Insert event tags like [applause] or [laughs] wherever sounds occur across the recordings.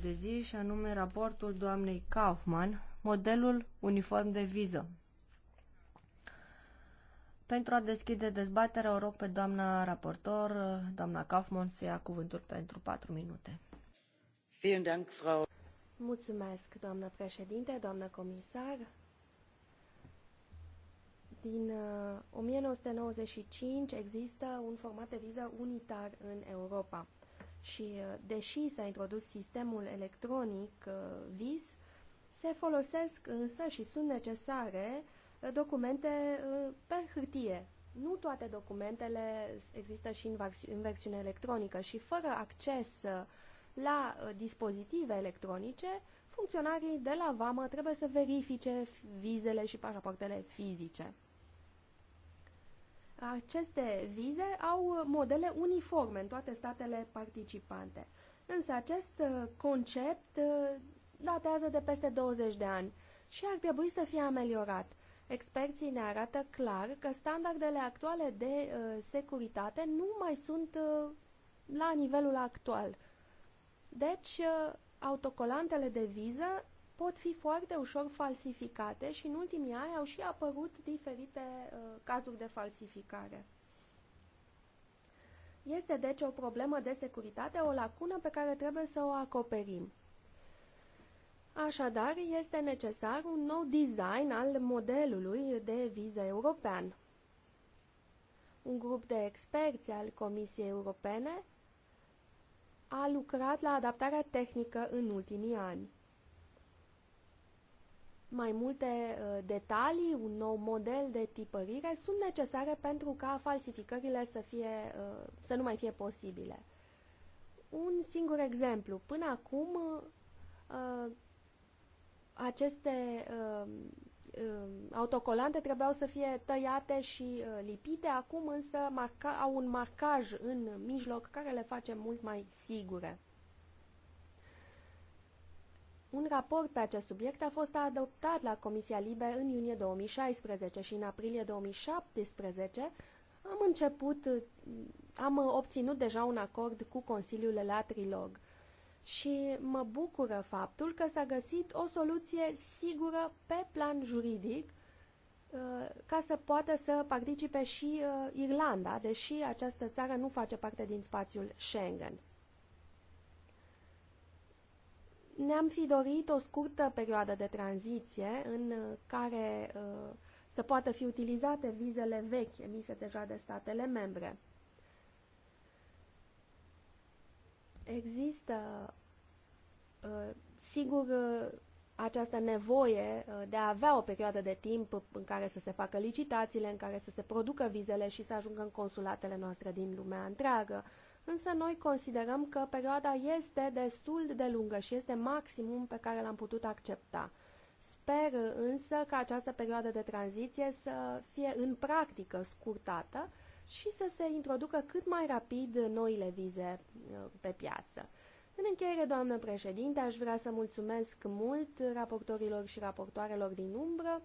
de zi și anume raportul doamnei Kaufman, modelul uniform de viză. Pentru a deschide dezbaterea, o rog pe doamna raportor, doamna Kaufman, să ia cuvântul pentru 4 minute. Mulțumesc, doamnă președinte, doamnă comisar. Din 1995 uh, există un format de viză unitar în Europa și uh, deși s-a introdus sistemul electronic uh, VIS, se folosesc însă și sunt necesare uh, documente pe hârtie. Nu toate documentele există și în, versiune electronică și fără acces la dispozitive electronice, funcționarii de la VAMA trebuie să verifice vizele și pașapoartele fizice. Aceste vize au modele uniforme în toate statele participante. Însă acest uh, concept uh, datează de peste 20 de ani și ar trebui să fie ameliorat. Experții ne arată clar că standardele actuale de uh, securitate nu mai sunt uh, la nivelul actual. Deci, uh, autocolantele de viză pot fi foarte ușor falsificate și în ultimii ani au și apărut diferite uh, cazuri de falsificare. Este deci o problemă de securitate, o lacună pe care trebuie să o acoperim. Așadar, este necesar un nou design al modelului de viză european. Un grup de experți al Comisiei Europene a lucrat la adaptarea tehnică în ultimii ani mai multe uh, detalii, un nou model de tipărire sunt necesare pentru ca falsificările să, fie, uh, să nu mai fie posibile. Un singur exemplu. Până acum, uh, aceste autocolante trebuiau să fie tăiate și lipite, acum însă marca, au un marcaj în mijloc care le face mult mai sigure. Un raport pe acest subiect a fost adoptat la Comisia Libe în iunie 2016 și în aprilie 2017 am început, am obținut deja un acord cu Consiliul la Trilog și mă bucură faptul că s-a găsit o soluție sigură pe plan juridic uh, ca să poată să participe și uh, Irlanda, deși această țară nu face parte din spațiul Schengen. Ne-am fi dorit o scurtă perioadă de tranziție în care uh, să poată fi utilizate vizele vechi emise deja de statele membre. Există, uh, sigur, uh, această nevoie de a avea o perioadă de timp în care să se facă licitațiile, în care să se producă vizele și să ajungă în consulatele noastre din lumea întreagă însă noi considerăm că perioada este destul de lungă și este maximum pe care l-am putut accepta. Sper însă că această perioadă de tranziție să fie în practică scurtată și să se introducă cât mai rapid noile vize uh, pe piață. În încheiere, doamnă președinte, aș vrea să mulțumesc mult raportorilor și raportoarelor din umbră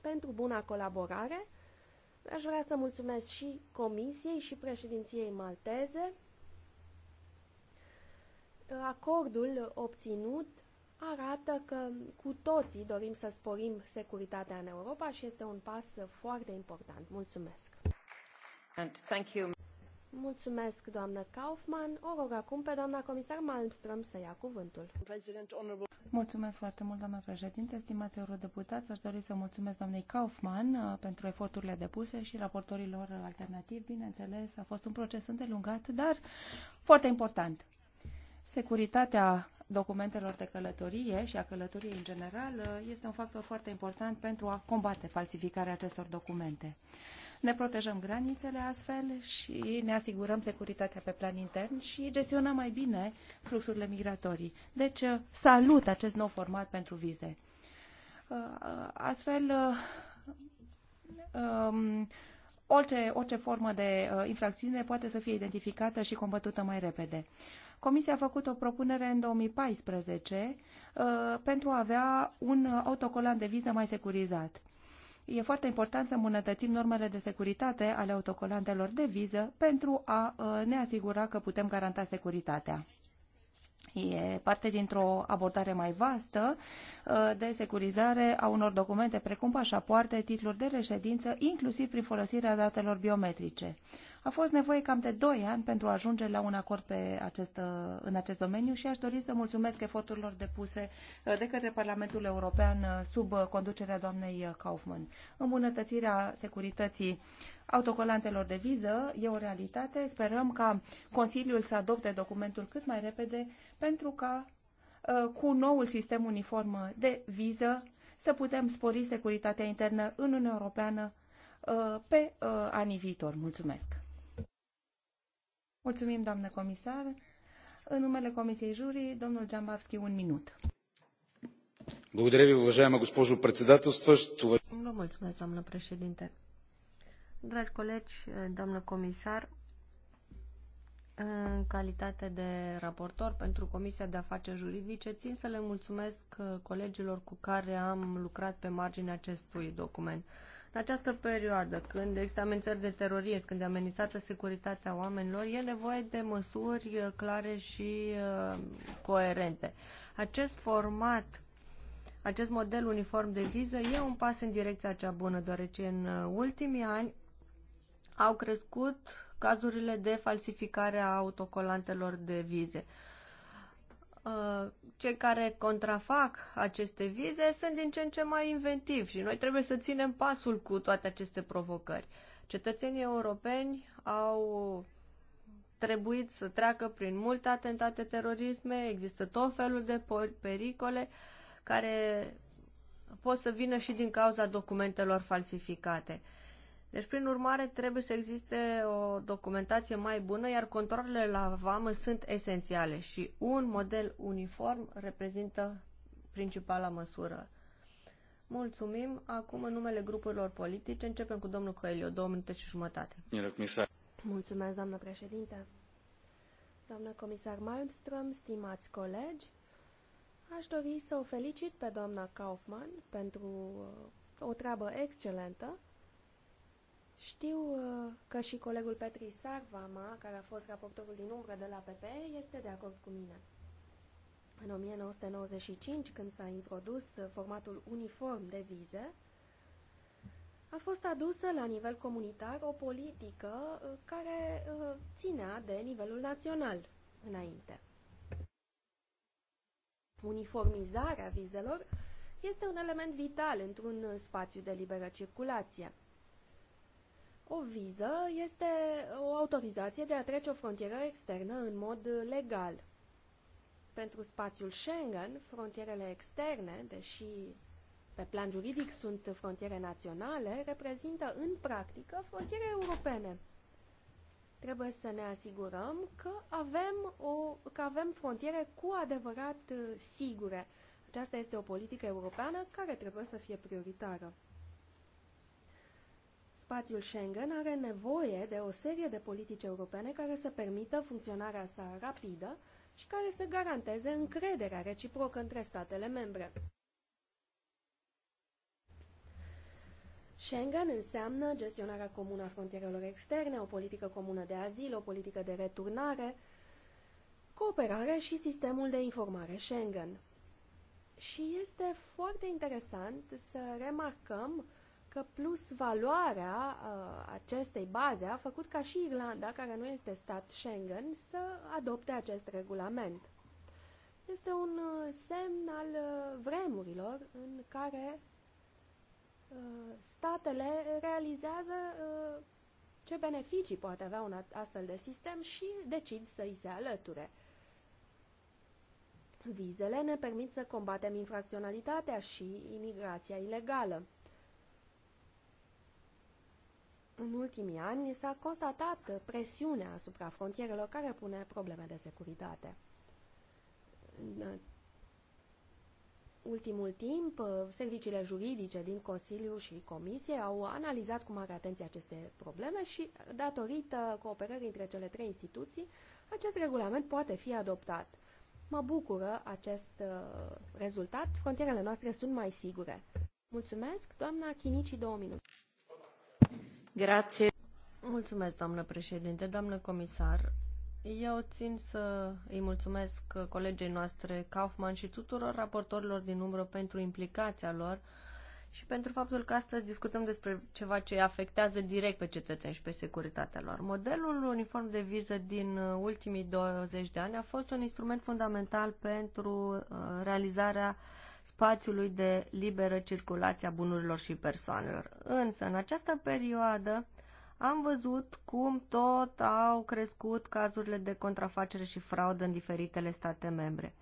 pentru buna colaborare Aș vrea să mulțumesc și Comisiei și președinției malteze. Acordul obținut arată că cu toții dorim să sporim securitatea în Europa și este un pas foarte important. Mulțumesc! And thank you. Mulțumesc, doamnă Kaufmann. O rog acum pe doamna comisar Malmström să ia cuvântul. Mulțumesc foarte mult, doamna președinte. Stimați eurodeputați, aș dori să mulțumesc doamnei Kaufmann uh, pentru eforturile depuse și raportorilor alternativi. Bineînțeles, a fost un proces îndelungat, dar foarte important. Securitatea documentelor de călătorie și a călătoriei în general uh, este un factor foarte important pentru a combate falsificarea acestor documente ne protejăm granițele astfel și ne asigurăm securitatea pe plan intern și gestionăm mai bine fluxurile migratorii. Deci uh, salut acest nou format pentru vize. Uh, astfel, uh, um, orice, orice formă de infracțiune poate să fie identificată și combătută mai repede. Comisia a făcut o propunere în 2014 uh, pentru a avea un autocolan de viză mai securizat e foarte important să îmbunătățim normele de securitate ale autocolantelor de viză pentru a uh, ne asigura că putem garanta securitatea. E parte dintr-o abordare mai vastă uh, de securizare a unor documente precum pașapoarte, titluri de reședință, inclusiv prin folosirea datelor biometrice. A fost nevoie cam de 2 ani pentru a ajunge la un acord pe acest, uh, în acest domeniu și aș dori să mulțumesc eforturilor depuse uh, de către Parlamentul European uh, sub conducerea doamnei Kaufmann. Îmbunătățirea securității autocolantelor de viză e o realitate. Sperăm ca Consiliul să adopte documentul cât mai repede pentru ca cu noul sistem uniform de viză să putem spori securitatea internă în Uniunea Europeană pe anii viitor. Mulțumesc! Mulțumim, doamnă comisar. În numele Comisiei Jurii, domnul Giambavski, un minut. Vă mulțumesc, doamnă președinte. Dragi colegi, doamnă comisar, în calitate de raportor pentru Comisia de Afaceri Juridice, țin să le mulțumesc colegilor cu care am lucrat pe marginea acestui document această perioadă, când există amenințări de terorism, când e amenințată securitatea oamenilor, e nevoie de măsuri uh, clare și uh, coerente. Acest format acest model uniform de viză e un pas în direcția cea bună, deoarece în uh, ultimii ani au crescut cazurile de falsificare a autocolantelor de vize. Uh, cei care contrafac aceste vize sunt din ce în ce mai inventivi și noi trebuie să ținem pasul cu toate aceste provocări. Cetățenii europeni au trebuit să treacă prin multe atentate terorisme, există tot felul de pericole care pot să vină și din cauza documentelor falsificate. Deci, prin urmare, trebuie să existe o documentație mai bună, iar controlele la vamă sunt esențiale și un model uniform reprezintă principala măsură. Mulțumim. Acum, în numele grupurilor politice, începem cu domnul Coelio, două minute și jumătate. Mulțumesc, doamnă președinte. Doamnă comisar Malmström, stimați colegi, aș dori să o felicit pe doamna Kaufmann pentru o treabă excelentă știu uh, că și colegul Petri Sarvama, care a fost raportorul din umbră de la PP, este de acord cu mine. În 1995, când s-a introdus uh, formatul uniform de vize, a fost adusă la nivel comunitar o politică uh, care ținea de nivelul național înainte. Uniformizarea vizelor este un element vital într-un spațiu de liberă circulație. O viză este o autorizație de a trece o frontieră externă în mod legal. Pentru spațiul Schengen, frontierele externe, deși pe plan juridic sunt frontiere naționale, reprezintă în practică frontiere europene. Trebuie să ne asigurăm că avem, o, că avem frontiere cu adevărat uh, sigure. Aceasta este o politică europeană care trebuie să fie prioritară spațiul Schengen are nevoie de o serie de politici europene care să permită funcționarea sa rapidă și care să garanteze încrederea reciprocă între statele membre. Schengen înseamnă gestionarea comună a frontierelor externe, o politică comună de azil, o politică de returnare, cooperare și sistemul de informare Schengen. Și este foarte interesant să remarcăm că plus valoarea uh, acestei baze a făcut ca și Irlanda, care nu este stat Schengen, să adopte acest regulament. Este un uh, semn al uh, vremurilor în care uh, statele realizează uh, ce beneficii poate avea un astfel de sistem și decid să îi se alăture. Vizele ne permit să combatem infracționalitatea și imigrația ilegală în ultimii ani s-a constatat presiunea asupra frontierelor care pune probleme de securitate. În ultimul timp, serviciile juridice din Consiliu și Comisie au analizat cu mare atenție aceste probleme și, datorită cooperării între cele trei instituții, acest regulament poate fi adoptat. Mă bucură acest uh, rezultat. Frontierele noastre sunt mai sigure. Mulțumesc, doamna Chinici, două minute. Mulțumesc, doamnă președinte, doamnă comisar. Eu țin să îi mulțumesc colegei noastre Kaufman și tuturor raportorilor din umbră pentru implicația lor și pentru faptul că astăzi discutăm despre ceva ce afectează direct pe cetățeni și pe securitatea lor. Modelul uniform de viză din ultimii 20 de ani a fost un instrument fundamental pentru uh, realizarea uh, spațiului de liberă circulație a bunurilor și persoanelor. Însă, în această perioadă, am văzut cum tot au crescut cazurile de contrafacere și fraudă în diferitele state membre.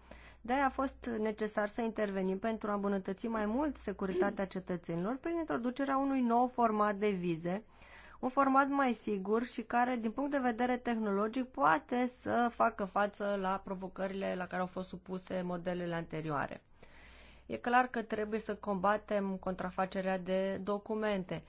De-aia a fost necesar să intervenim pentru a îmbunătăți mai mult securitatea cetățenilor prin introducerea unui nou format de vize, un format mai sigur și care, din punct de vedere tehnologic, poate să facă față la provocările la care au fost supuse modelele anterioare. E clar că trebuie să combatem contrafacerea de documente,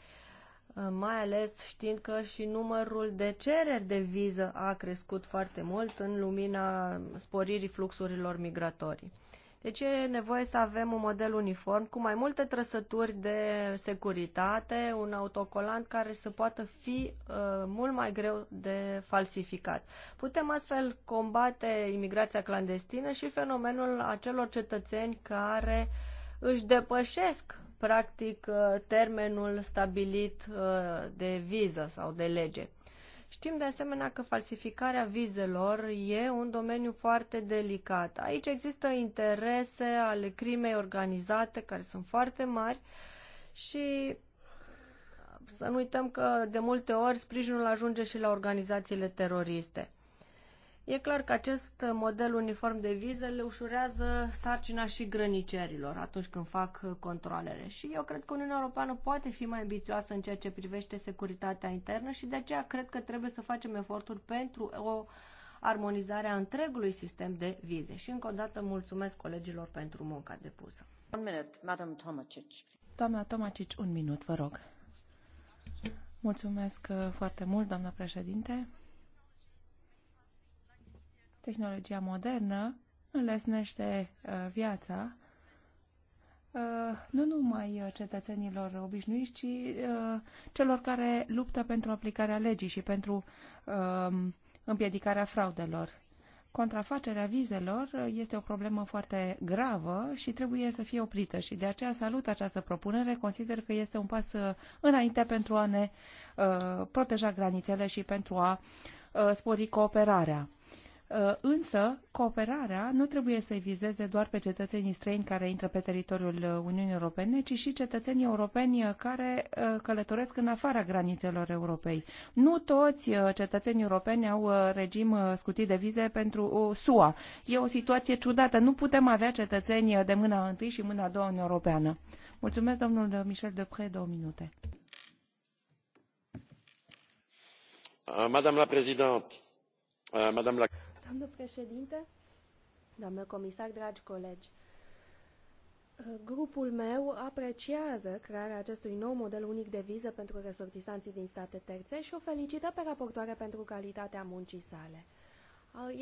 mai ales știind că și numărul de cereri de viză a crescut foarte mult în lumina sporirii fluxurilor migratorii. Deci e nevoie să avem un model uniform cu mai multe trăsături de securitate, un autocolant care să poată fi uh, mult mai greu de falsificat. Putem astfel combate imigrația clandestină și fenomenul acelor cetățeni care își depășesc practic uh, termenul stabilit uh, de viză sau de lege. Știm de asemenea că falsificarea vizelor e un domeniu foarte delicat. Aici există interese ale crimei organizate care sunt foarte mari și să nu uităm că de multe ori sprijinul ajunge și la organizațiile teroriste. E clar că acest model uniform de viză le ușurează sarcina și grănicerilor atunci când fac controlele. Și eu cred că Uniunea Europeană poate fi mai ambițioasă în ceea ce privește securitatea internă și de aceea cred că trebuie să facem eforturi pentru o armonizare a întregului sistem de vize. Și încă o dată mulțumesc colegilor pentru munca depusă. Un minut, Madam Tomacic. Doamna Tomacic, un minut, vă rog. Mulțumesc uh, foarte mult, doamna președinte tehnologia modernă înlesnește uh, viața uh, nu numai uh, cetățenilor obișnuiți, ci celor care luptă pentru aplicarea legii și pentru um, împiedicarea fraudelor. Contrafacerea vizelor este o problemă foarte gravă și trebuie să fie oprită și de aceea salut această propunere. Consider că este un pas înainte pentru a ne proteja granițele și pentru a spori cooperarea Uh, însă, cooperarea nu trebuie să vizeze doar pe cetățenii străini care intră pe teritoriul uh, Uniunii Europene, ci și cetățenii europeni uh, care călătoresc în afara granițelor Europei. Nu toți cetățenii europeni au regim scutit de vize pentru SUA. E o situație ciudată. Nu putem avea cetățeni de mâna întâi și mâna a doua în Europeană. Mulțumesc, domnul Michel Depre, două minute. Madame la Présidente, Madame la Doamnă președinte, doamnă comisar, dragi colegi, Grupul meu apreciază crearea acestui nou model unic de viză pentru resortisanții din state terțe și o felicită pe raportoare pentru calitatea muncii sale.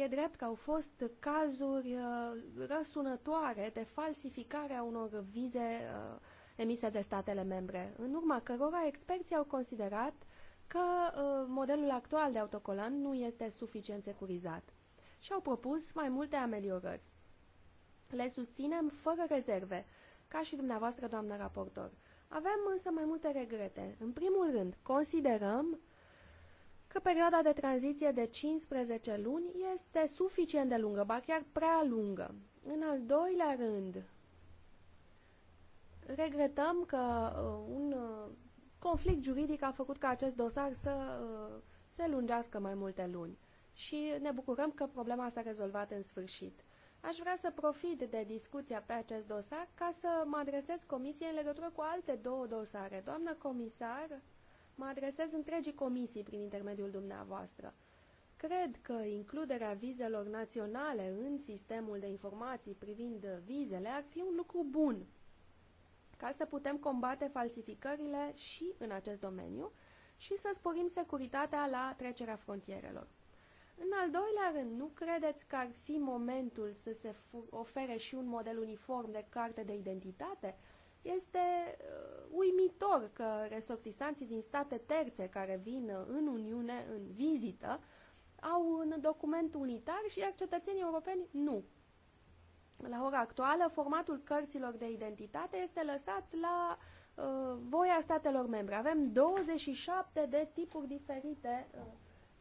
E drept că au fost cazuri uh, răsunătoare de falsificare a unor vize uh, emise de statele membre, în urma cărora experții au considerat că uh, modelul actual de autocolan nu este suficient securizat și au propus mai multe ameliorări. Le susținem fără rezerve, ca și dumneavoastră, doamnă raportor. Avem însă mai multe regrete. În primul rând, considerăm că perioada de tranziție de 15 luni este suficient de lungă, ba chiar prea lungă. În al doilea rând, regretăm că uh, un uh, conflict juridic a făcut ca acest dosar să uh, se lungească mai multe luni și ne bucurăm că problema s-a rezolvat în sfârșit. Aș vrea să profit de discuția pe acest dosar ca să mă adresez comisiei în legătură cu alte două dosare. Doamnă comisar, mă adresez întregii comisii prin intermediul dumneavoastră. Cred că includerea vizelor naționale în sistemul de informații privind vizele ar fi un lucru bun ca să putem combate falsificările și în acest domeniu și să sporim securitatea la trecerea frontierelor. În al doilea rând, nu credeți că ar fi momentul să se ofere și un model uniform de carte de identitate? Este uh, uimitor că resortisanții din state terțe care vin uh, în Uniune în vizită au un document unitar și iar cetățenii europeni nu. La ora actuală, formatul cărților de identitate este lăsat la uh, voia statelor membre. Avem 27 de tipuri diferite uh,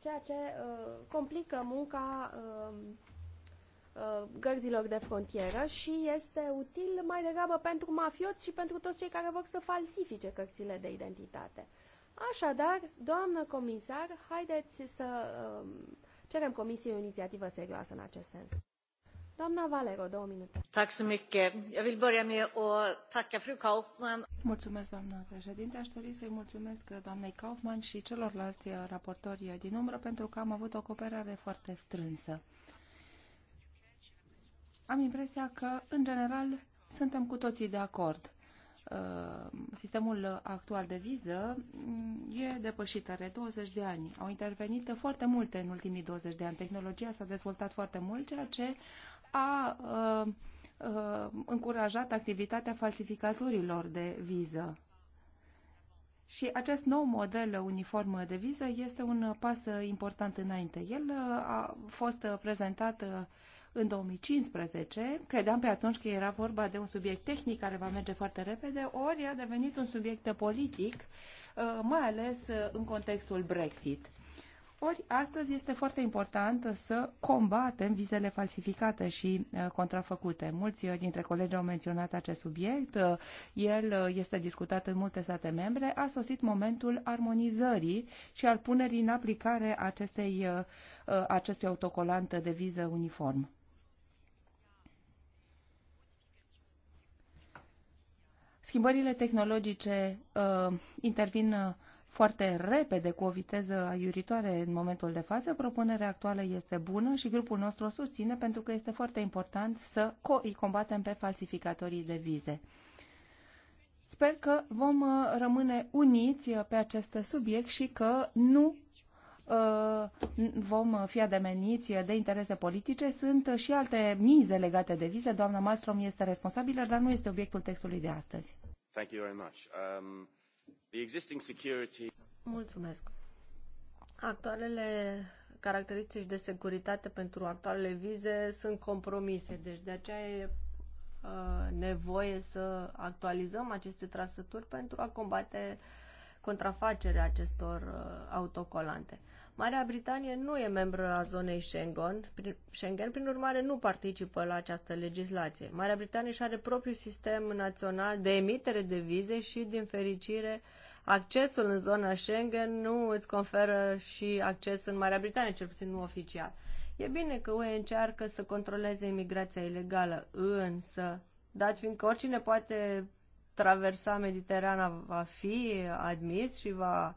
ceea ce uh, complică munca uh, uh, gărzilor de frontieră și este util mai degrabă pentru mafioți și pentru toți cei care vor să falsifice cărțile de identitate. Așadar, doamnă comisar, haideți să uh, cerem Comisiei o inițiativă serioasă în acest sens doamnă președintă Mulțumesc, Aș dori să îi mulțumesc doamnei Kaufmann și celorlalți raportori din umbră pentru că am avut o cooperare foarte strânsă. Am impresia că, în general, suntem cu toții de acord uh, sistemul actual de viză mm, e depășit, are 20 de ani. Au intervenit foarte multe în ultimii 20 de ani. Tehnologia s-a dezvoltat foarte mult, ceea ce a încurajat activitatea falsificatorilor de viză. Și acest nou model uniform de viză este un pas important înainte. El a fost prezentat în 2015. Credeam pe atunci că era vorba de un subiect tehnic care va merge foarte repede, ori a devenit un subiect politic, mai ales în contextul Brexit. Ori astăzi este foarte important să combatem vizele falsificate și uh, contrafăcute. Mulți uh, dintre colegi au menționat acest subiect. Uh, el este discutat în multe state membre. A sosit momentul armonizării și al punerii în aplicare acestei, acestui autocolant de viză uniform. Schimbările tehnologice uh, intervin foarte repede, cu o viteză iuritoare în momentul de față. Propunerea actuală este bună și grupul nostru o susține pentru că este foarte important să co îi combatem pe falsificatorii de vize. Sper că vom uh, rămâne uniți uh, pe acest subiect și că nu uh, vom fi ademeniți de interese politice. Sunt și alte mize legate de vize. Doamna Malmström este responsabilă, dar nu este obiectul textului de astăzi. Thank you very much. Um... Mulțumesc. Actualele caracteristici de securitate pentru actualele vize sunt compromise, deci de aceea e uh, nevoie să actualizăm aceste trasături pentru a combate uh, contrafacerea acestor uh, autocolante. Marea Britanie nu e membră a zonei Schengen, prin, Schengen, prin urmare nu participă la această legislație. Marea Britanie și are propriul sistem național de emitere de vize și, din fericire, accesul în zona Schengen nu îți conferă și acces în Marea Britanie, cel puțin nu oficial. E bine că UE încearcă să controleze imigrația ilegală, însă, dat fiindcă oricine poate traversa Mediterana va fi admis și va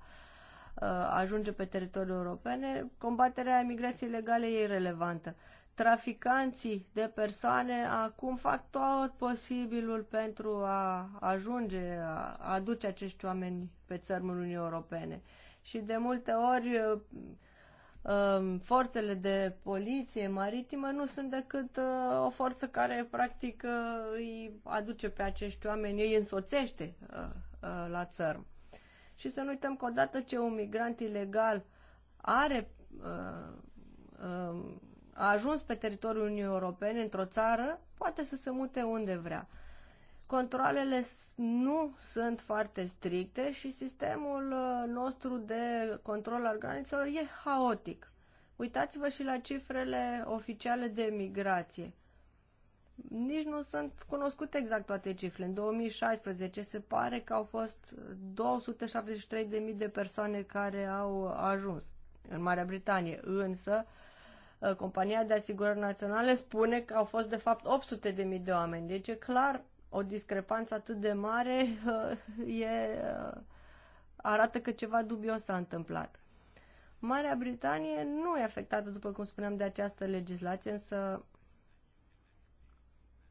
uh, ajunge pe teritoriul europene, combaterea emigrației legale e irrelevantă. Traficanții de persoane acum fac tot posibilul pentru a ajunge, a aduce acești oameni pe țărmul Uniunii Europene. Și de multe ori uh, Ehm, forțele de poliție maritimă nu sunt decât uh, o forță care practic uh, îi aduce pe acești oameni, îi însoțește uh, uh, la țărm. Și să nu uităm că odată ce un migrant ilegal are uh, uh, a ajuns pe teritoriul Uniunii Europene într-o țară, poate să se mute unde vrea. Controlele nu sunt foarte stricte și sistemul uh, nostru de control al granițelor e haotic. Uitați-vă și la cifrele oficiale de migrație. Nici nu sunt cunoscute exact toate cifrele. În 2016 se pare că au fost 273.000 de persoane care au ajuns în Marea Britanie, însă uh, compania de asigurări naționale spune că au fost de fapt 800.000 de oameni. Deci e clar o discrepanță atât de mare [laughs] e, arată că ceva dubios s-a întâmplat. Marea Britanie nu e afectată, după cum spuneam, de această legislație, însă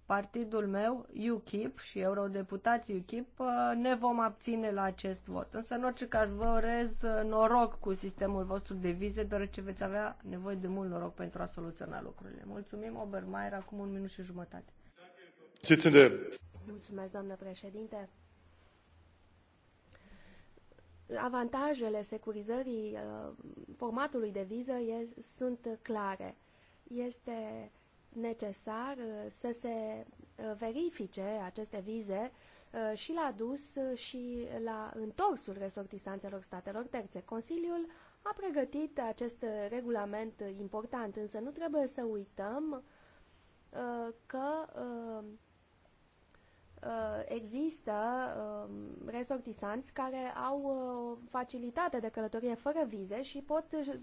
partidul meu, UKIP și eurodeputații UKIP, ne vom abține la acest vot. Însă, în orice caz, vă urez noroc cu sistemul vostru de vize, deoarece veți avea nevoie de mult noroc pentru a soluționa lucrurile. Mulțumim, Obermeier, acum un minut și jumătate. Mulțumesc, Avantajele securizării uh, formatului de viză sunt clare. Este necesar uh, să se uh, verifice aceste vize și la dus și la întorsul resortisanțelor statelor terțe. Consiliul a pregătit acest regulament important, însă nu trebuie să uităm că Uh, există um, resortisanți care au uh, facilitate de călătorie fără vize și pot uh,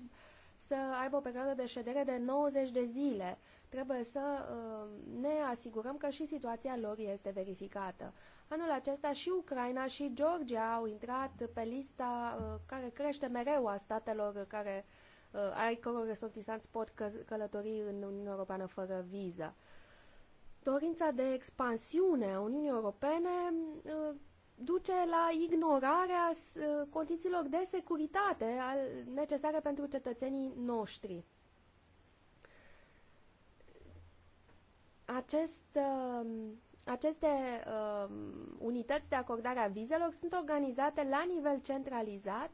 să aibă o perioadă de ședere de 90 de zile. Trebuie să um, ne asigurăm că și situația lor este verificată. Anul acesta și Ucraina și Georgia au intrat pe lista care crește mereu a statelor care ai căror resortisanți pot călători în Uniunea Europeană fără viză dorința de expansiune a Uniunii Europene uh, duce la ignorarea uh, condițiilor de securitate necesare pentru cetățenii noștri. Acest, uh, aceste unități de acordare a vizelor sunt organizate la nivel centralizat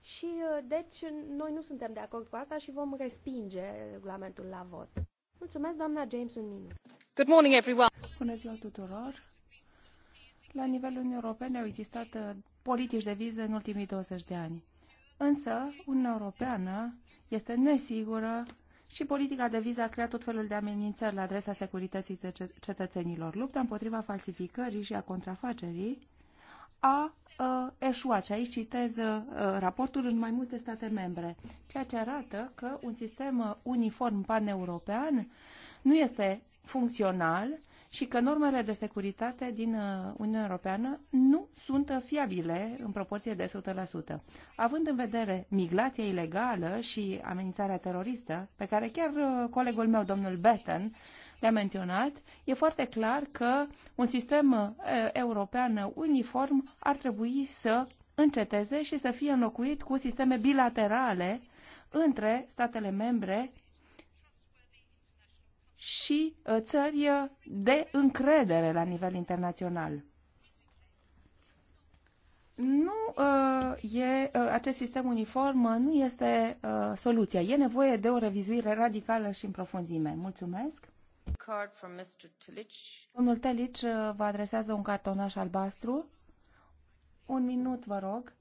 și deci noi nu suntem de acord cu asta și vom respinge regulamentul la vot. Mulțumesc, doamna James, un minut. Good morning, everyone. Bună ziua tuturor. La nivelul Uniunii Europene au existat uh, politici de viză în ultimii 20 de ani. Însă, Uniunea Europeană este nesigură și politica de viză a creat tot felul de amenințări la adresa securității cetățenilor. Lupta împotriva falsificării și a contrafacerii a uh, eșuat. Și aici citez uh, raportul în mai multe state membre, ceea ce arată că un sistem uh, uniform pan-european nu este funcțional și că normele de securitate din uh, Uniunea Europeană nu sunt uh, fiabile în proporție de 100%. Având în vedere migrația ilegală și amenințarea teroristă, pe care chiar uh, colegul meu, domnul Betten, le-a menționat, e foarte clar că un sistem european uniform ar trebui să înceteze și să fie înlocuit cu sisteme bilaterale între statele membre și uh, țări uh, de încredere la nivel internațional. Nu uh, e acest sistem uniform nu este soluția. E nevoie de o revizuire radicală și în profunzime. Mulțumesc. Card from Mr. Tilic. Domnul Telic vă adresează un cartonaș albastru. Un minut, vă rog.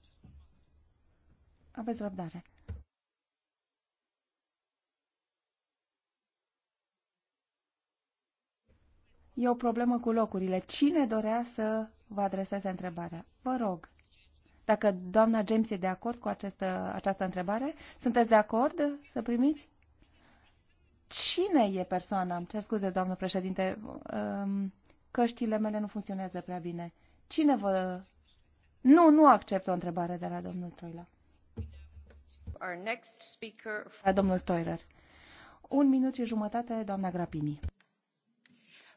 Aveți răbdare. E o problemă cu locurile. Cine dorea să vă adreseze întrebarea? Vă rog. Dacă doamna James e de acord cu această, această întrebare, sunteți de acord să primiți? Cine e persoana? Îmi cer scuze, doamnă președinte, um, căștile mele nu funcționează prea bine. Cine vă... Nu, nu accept o întrebare de la domnul Troila. Our next speaker... La domnul Toirer. Un minut și jumătate, doamna Grapini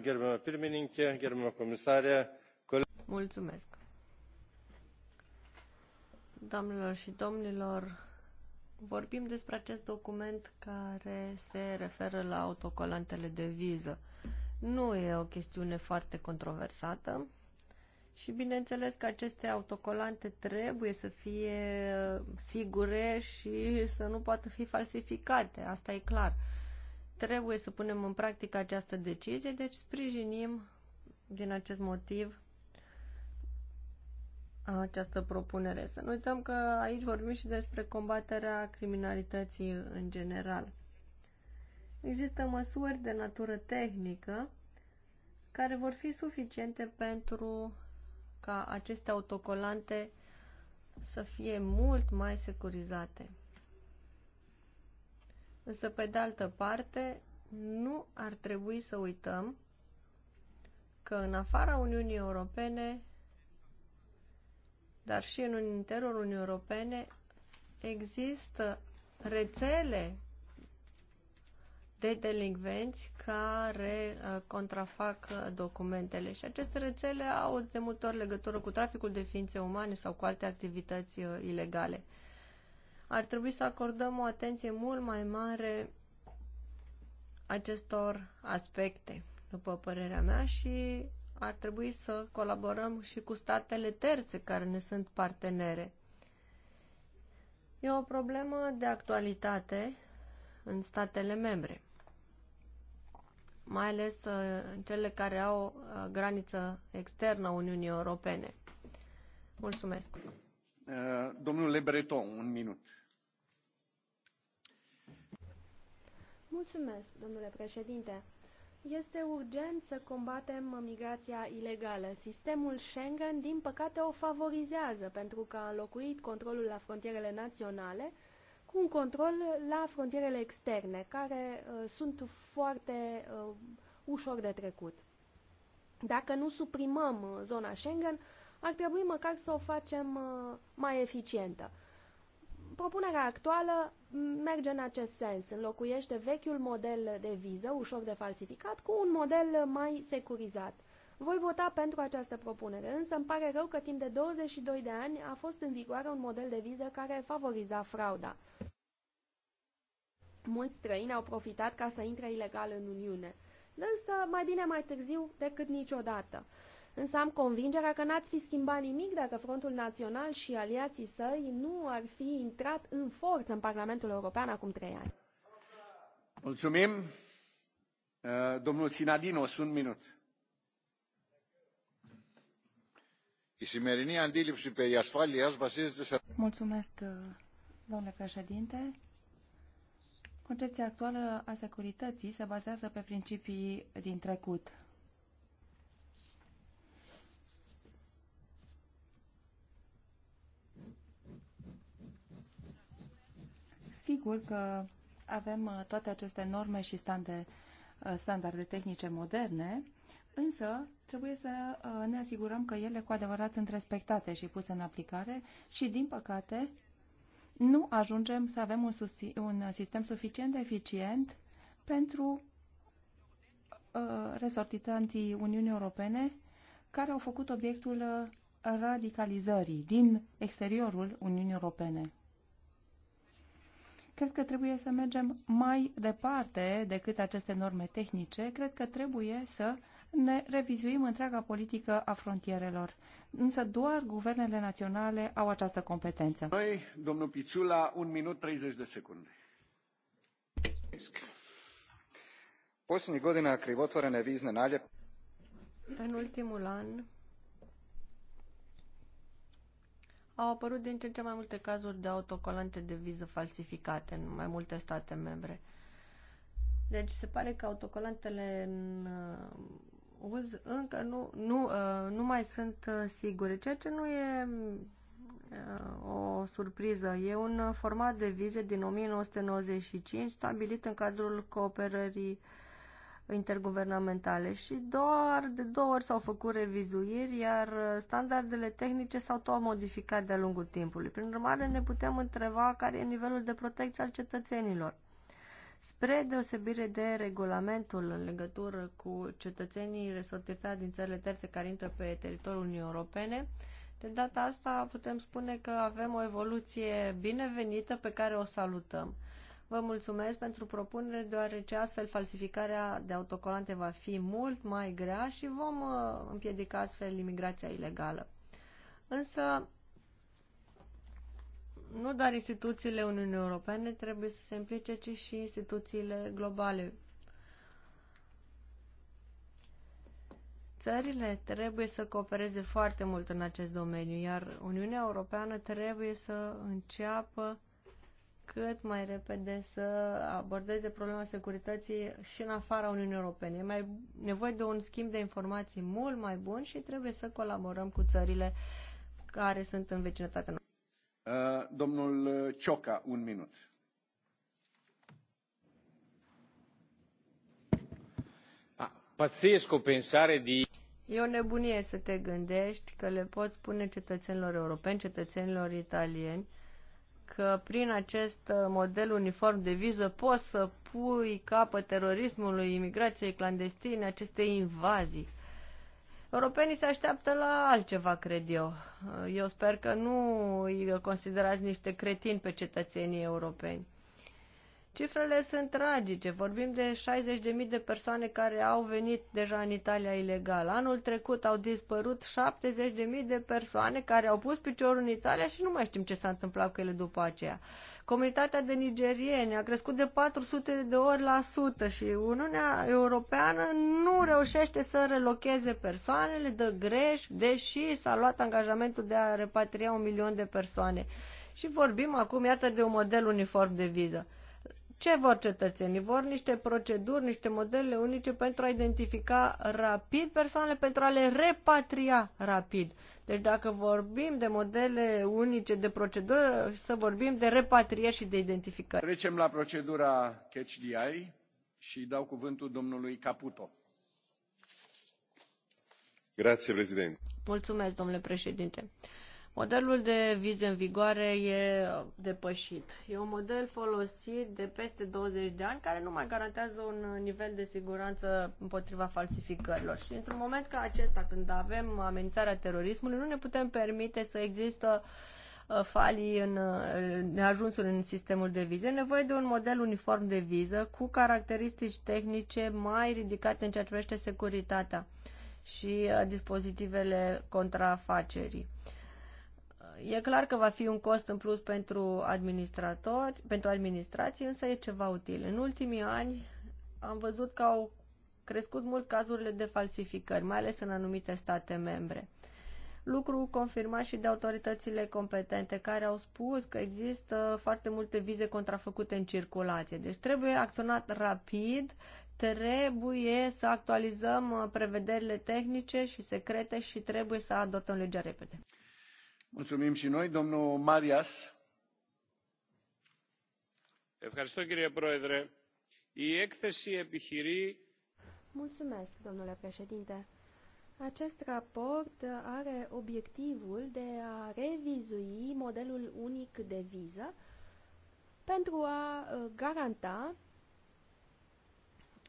gerbiama pirmininke gerbiama Mulțumesc. Doamnelor și domnilor, vorbim despre acest document care se referă la autocolantele de viză. Nu e o chestiune foarte controversată și bineînțeles că aceste autocolante trebuie să fie uh, sigure și să nu poată fi falsificate, asta e clar trebuie să punem în practică această decizie, deci sprijinim din acest motiv această propunere. Să nu uităm că aici vorbim și despre combaterea criminalității în general. Există măsuri de natură tehnică care vor fi suficiente pentru ca aceste autocolante să fie mult mai securizate. Însă, pe de altă parte, nu ar trebui să uităm că în afara Uniunii Europene, dar și în interiorul Uniunii Europene, există rețele de delinvenți care uh, contrafac uh, documentele și aceste rețele au de multe ori legătură cu traficul de ființe umane sau cu alte activități uh, ilegale ar trebui să acordăm o atenție mult mai mare acestor aspecte, după părerea mea, și ar trebui să colaborăm și cu statele terțe care ne sunt partenere. E o problemă de actualitate în statele membre, mai ales în uh, cele care au uh, graniță externă a Uniunii Europene. Mulțumesc. Uh, Domnule Breton, un minut. Mulțumesc, domnule președinte. Este urgent să combatem migrația ilegală. Sistemul Schengen, din păcate, o favorizează pentru că a înlocuit controlul la frontierele naționale cu un control la frontierele externe, care uh, sunt foarte uh, ușor de trecut. Dacă nu suprimăm uh, zona Schengen, ar trebui măcar să o facem uh, mai eficientă. Propunerea actuală merge în acest sens, înlocuiește vechiul model de viză, ușor de falsificat, cu un model mai securizat. Voi vota pentru această propunere, însă îmi pare rău că timp de 22 de ani a fost în vigoare un model de viză care favoriza frauda. Mulți străini au profitat ca să intre ilegal în Uniune, însă mai bine mai târziu decât niciodată însă am convingerea că n-ați fi schimbat nimic dacă Frontul Național și aliații săi nu ar fi intrat în forță în Parlamentul European acum trei ani. Mulțumim. Uh, domnul Sinadino, un minut. Mulțumesc, uh, domnule președinte. Concepția actuală a securității se bazează pe principii din trecut. sigur că avem uh, toate aceste norme și stande, uh, standarde tehnice moderne, însă trebuie să uh, ne asigurăm că ele cu adevărat sunt respectate și puse în aplicare și, din păcate, nu ajungem să avem un, un sistem suficient de eficient pentru uh, resortitanții Uniunii Europene care au făcut obiectul radicalizării din exteriorul Uniunii Europene. Cred că trebuie să mergem mai departe decât aceste norme tehnice. Cred că trebuie să ne revizuim întreaga politică a frontierelor. Însă doar guvernele naționale au această competență. Noi, domnul Pițula, un minut 30 de secunde. Posljednjih godina krivotvorene vizne în ultimul an au apărut din ce în ce mai multe cazuri de autocolante de viză falsificate în mai multe state membre. Deci se pare că autocolantele în uh, uz încă nu, nu, uh, nu mai sunt uh, sigure, ceea ce nu e o surpriză. E un format de vize din 1995 stabilit în cadrul cooperării interguvernamentale și doar de două ori s-au făcut revizuiri, iar standardele tehnice s-au tot modificat de-a lungul timpului. Prin urmare, ne putem întreba care e nivelul de protecție al cetățenilor. Spre deosebire de regulamentul în legătură cu cetățenii resortizați din țările terțe care intră pe teritoriul Uniunii Europene, de data asta putem spune că avem o evoluție binevenită pe care o salutăm. Vă mulțumesc pentru propunere, deoarece astfel falsificarea de autocolante va fi mult mai grea și vom uh, împiedica astfel imigrația ilegală. Însă, nu doar instituțiile Uniunii Europene trebuie să se implice, ci și instituțiile globale. Țările trebuie să coopereze foarte mult în acest domeniu, iar Uniunea Europeană trebuie să înceapă cât mai repede să abordeze problema securității și în afara Uniunii Europene. E mai nevoie de un schimb de informații mult mai bun și trebuie să colaborăm cu țările care sunt în vecinătatea noastră. Uh, domnul Cioca, un minut. o ah, pensare de. E o nebunie să te gândești că le poți spune cetățenilor europeni, cetățenilor italieni, uh, că prin acest uh, model uniform de viză poți să pui capăt terorismului, imigrației clandestine, aceste invazii. Europenii se așteaptă la altceva, cred eu. Uh, eu sper că nu îi considerați niște cretini pe cetățenii europeni. Cifrele sunt tragice. Vorbim de 60.000 de persoane care au venit deja în Italia ilegal. Anul trecut au dispărut 70.000 de persoane care au pus piciorul în Italia și nu mai știm ce s-a întâmplat cu ele după aceea. Comunitatea de nigerieni a crescut de 400 de ori la sută și Uniunea Europeană nu reușește să relocheze persoanele, de greș, deși s-a luat angajamentul de a repatria un milion de persoane. Și vorbim acum, iată, de un model uniform de viză. Ce vor cetățenii? Vor niște proceduri, niște modele unice pentru a identifica rapid persoanele, pentru a le repatria rapid. Deci dacă vorbim de modele unice de procedură, să vorbim de repatriere și de identificare. Trecem la procedura Catch DI și dau cuvântul domnului Caputo. Grazie, Mulțumesc, domnule președinte. Modelul de vize în vigoare e depășit. E un model folosit de peste 20 de ani care nu mai garantează un nivel de siguranță împotriva falsificărilor. Și într-un moment ca acesta, când avem amenințarea terorismului, nu ne putem permite să există uh, falii în uh, neajunsuri în sistemul de vize, e nevoie de un model uniform de viză cu caracteristici tehnice mai ridicate în ceea ce privește securitatea și uh, dispozitivele contrafacerii. E clar că va fi un cost în plus pentru administratori, pentru administrații, însă e ceva util. În ultimii ani am văzut că au crescut mult cazurile de falsificări, mai ales în anumite state membre. Lucru confirmat și de autoritățile competente care au spus că există foarte multe vize contrafăcute în circulație. Deci trebuie acționat rapid, trebuie să actualizăm uh, prevederile tehnice și secrete și trebuie să adoptăm legea repede. Mulțumim și noi. Domnul Marias. Mulțumesc, domnule președinte. Acest raport are obiectivul de a revizui modelul unic de viză pentru a ă, garanta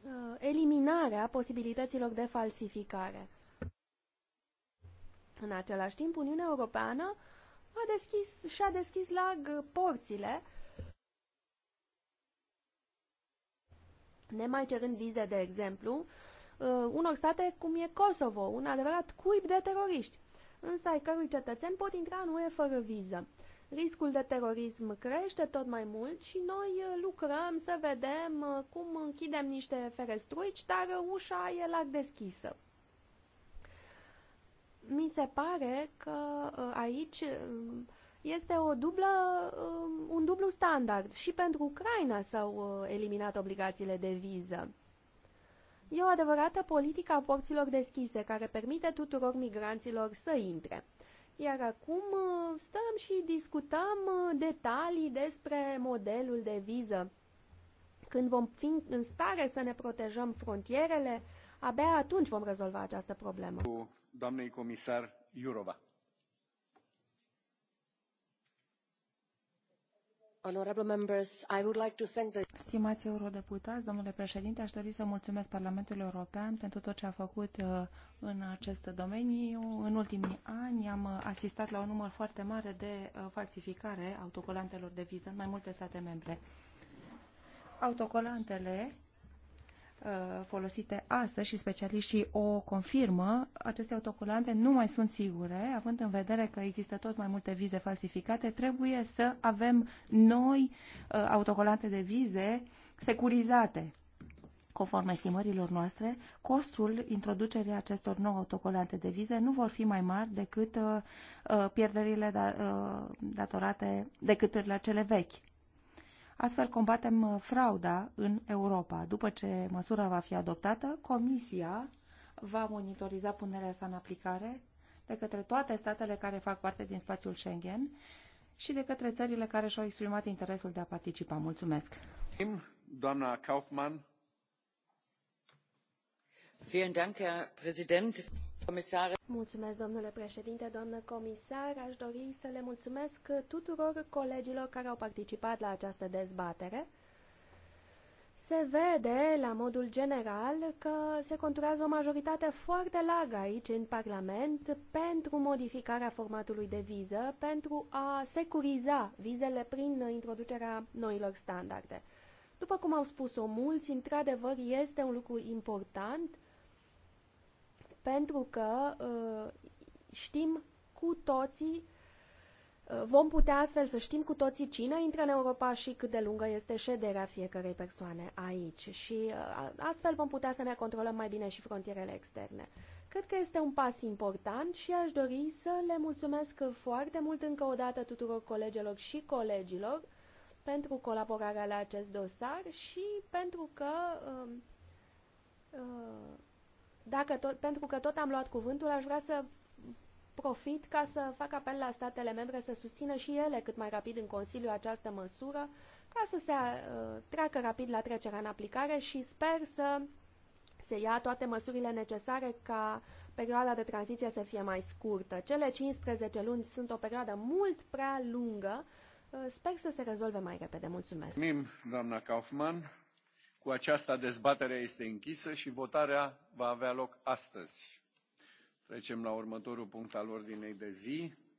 ă, eliminarea posibilităților de falsificare. În același timp, Uniunea Europeană a deschis, și-a deschis larg porțile, ne mai cerând vize, de exemplu, uh, unor state cum e Kosovo, un adevărat cuib de teroriști, însă ai cărui cetățeni pot intra în UE fără viză. Riscul de terorism crește tot mai mult și noi uh, lucrăm să vedem uh, cum închidem niște ferestruici, dar ușa e larg deschisă mi se pare că uh, aici uh, este o dublă, uh, un dublu standard. Și pentru Ucraina s-au eliminat obligațiile de viză. E o adevărată politică a porților deschise, care permite tuturor migranților să intre. Iar acum stăm și discutăm detalii despre modelul de viză. Când vom fi în stare să ne protejăm frontierele, abia atunci vom rezolva această problemă doamnei comisar jourov. stimați eurodeputați domnule președinte aș dori să mulțumesc parlamentului european pentru tot ce a făcut uh, în acest domeniu. în ultimii ani am uh, asistat la un număr foarte mare de uh, falsificare a autocolantelor de viză în mai multe state membre. autocolantele Uh, folosite astăzi și specialiștii o confirmă, aceste autocolante nu mai sunt sigure, având în vedere că există tot mai multe vize falsificate, trebuie să avem noi uh, autocolante de vize securizate. Conform estimărilor noastre, costul introducerii acestor nou autocolante de vize nu vor fi mai mari decât uh, uh pierderile da, uh, datorate decât la cele vechi. Astfel combatem uh, frauda în Europa. După ce măsura va fi adoptată, Comisia va monitoriza punerea sa în aplicare de către toate statele care fac parte din spațiul Schengen și de către țările care și-au exprimat interesul de a participa. Mulțumesc! Doamna Kaufmann. Vielen Dank, Herr Präsident. Mulțumesc, domnule președinte, doamnă comisar. Aș dori să le mulțumesc tuturor colegilor care au participat la această dezbatere. Se vede, la modul general, că se conturează o majoritate foarte largă aici, în Parlament, pentru modificarea formatului de viză, pentru a securiza vizele prin introducerea noilor standarde. După cum au spus-o mulți, într-adevăr este un lucru important pentru că uh, știm cu toții, uh, vom putea astfel să știm cu toții cine intră în Europa și cât de lungă este șederea fiecarei persoane aici și uh, astfel vom putea să ne controlăm mai bine și frontierele externe. Cred că este un pas important și aș dori să le mulțumesc foarte mult încă o dată tuturor colegelor și colegilor pentru colaborarea la acest dosar și pentru că um, uh, uh, dacă tot, pentru că tot am luat cuvântul, aș vrea să profit ca să fac apel la statele membre să susțină și ele cât mai rapid în Consiliu această măsură, ca să se uh, treacă rapid la trecerea în aplicare și sper să se ia toate măsurile necesare ca perioada de tranziție să fie mai scurtă. Cele 15 luni sunt o perioadă mult prea lungă. Uh, sper să se rezolve mai repede. Mulțumesc. Mim, doamna Kaufmann cu aceasta dezbaterea este închisă și votarea va avea loc astăzi. trecem la următorul punct al ordinei de zi.